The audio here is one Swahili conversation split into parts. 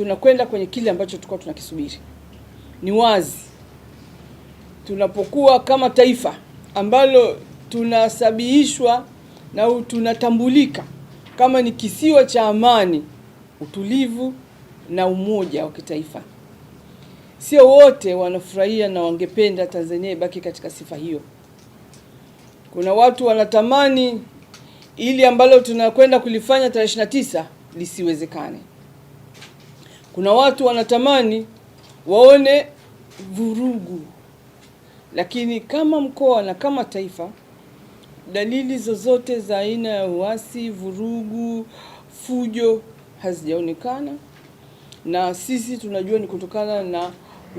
tunakwenda kwenye kile ambacho tulikuwa tunakisubiri. Ni wazi tunapokuwa kama taifa ambalo tunasabihishwa na tunatambulika kama ni kisiwa cha amani, utulivu na umoja wa kitaifa. Sio wote wanafurahia na wangependa Tanzania ibaki katika sifa hiyo. Kuna watu wanatamani ili ambalo tunakwenda kulifanya tarehe 29 lisiwezekane. Kuna watu wanatamani waone vurugu, lakini kama mkoa na kama taifa, dalili zozote za aina ya uasi, vurugu, fujo hazijaonekana, na sisi tunajua ni kutokana na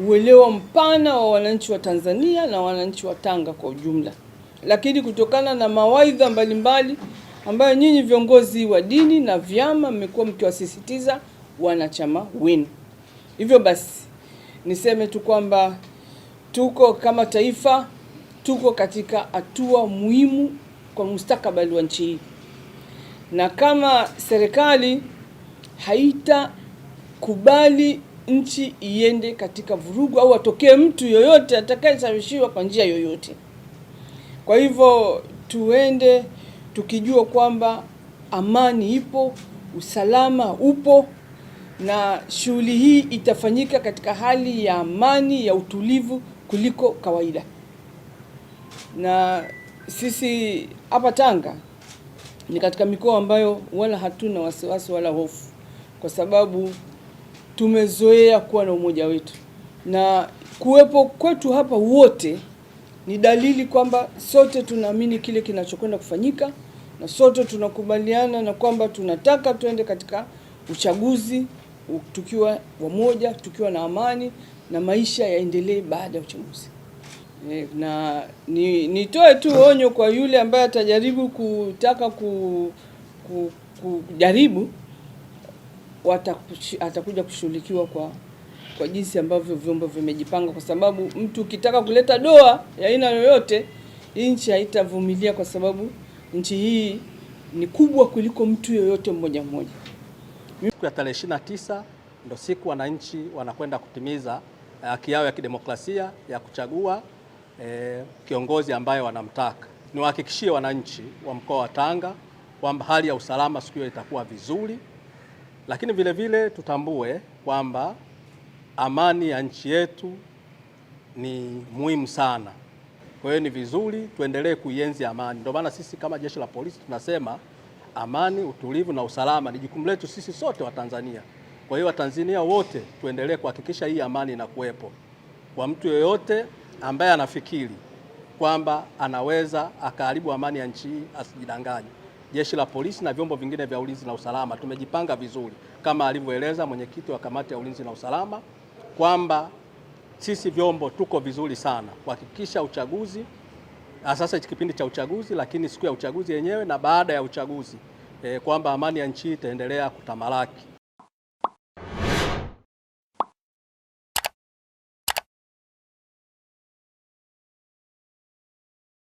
uelewa mpana wa wananchi wa Tanzania na wananchi wa Tanga kwa ujumla, lakini kutokana na mawaidha mbalimbali ambayo nyinyi viongozi wa dini na vyama mmekuwa mkiwasisitiza wanachama wenu. Hivyo basi niseme tu kwamba tuko kama taifa, tuko katika hatua muhimu kwa mustakabali wa nchi hii, na kama serikali haitakubali nchi iende katika vurugu au atokee mtu yoyote atakayesawishiwa kwa njia yoyote. Kwa hivyo tuende tukijua kwamba amani ipo, usalama upo na shughuli hii itafanyika katika hali ya amani ya utulivu kuliko kawaida. Na sisi hapa Tanga ni katika mikoa ambayo wala hatuna wasiwasi wala hofu, kwa sababu tumezoea kuwa na umoja wetu, na kuwepo kwetu hapa wote ni dalili kwamba sote tunaamini kile kinachokwenda kufanyika na sote tunakubaliana na kwamba tunataka tuende katika uchaguzi tukiwa wamoja, tukiwa na amani na maisha yaendelee baada ya uchaguzi. E, na ni nitoe tu onyo kwa yule ambaye atajaribu kutaka ku, ku, kujaribu atakuja kushughulikiwa kwa kwa jinsi ambavyo vyombo vimejipanga, kwa sababu mtu ukitaka kuleta doa ya aina yoyote nchi haitavumilia, kwa sababu nchi hii ni kubwa kuliko mtu yoyote mmoja mmoja. Siku ya tarehe 29 ndo siku wananchi wanakwenda kutimiza eh, haki yao ya kidemokrasia ya kuchagua e, kiongozi ambaye wanamtaka. Niwahakikishie wananchi wa mkoa wa Tanga kwamba hali ya usalama siku hiyo itakuwa vizuri, lakini vile vile tutambue kwamba amani ya nchi yetu ni muhimu sana. Kwa hiyo ni vizuri tuendelee kuienzi amani. Ndio maana sisi kama jeshi la polisi tunasema amani, utulivu na usalama ni jukumu letu sisi sote Watanzania. Kwa hiyo Watanzania wote tuendelee kuhakikisha hii amani inakuwepo. Kwa mtu yeyote ambaye anafikiri kwamba anaweza akaharibu amani ya nchi hii asijidanganye. Jeshi la polisi na vyombo vingine vya ulinzi na usalama tumejipanga vizuri, kama alivyoeleza mwenyekiti wa kamati ya ulinzi na usalama kwamba sisi vyombo tuko vizuri sana kuhakikisha uchaguzi Ah, sasa hichi kipindi cha uchaguzi, lakini siku ya uchaguzi yenyewe na baada ya uchaguzi e, kwamba amani ya nchi itaendelea kutamalaki.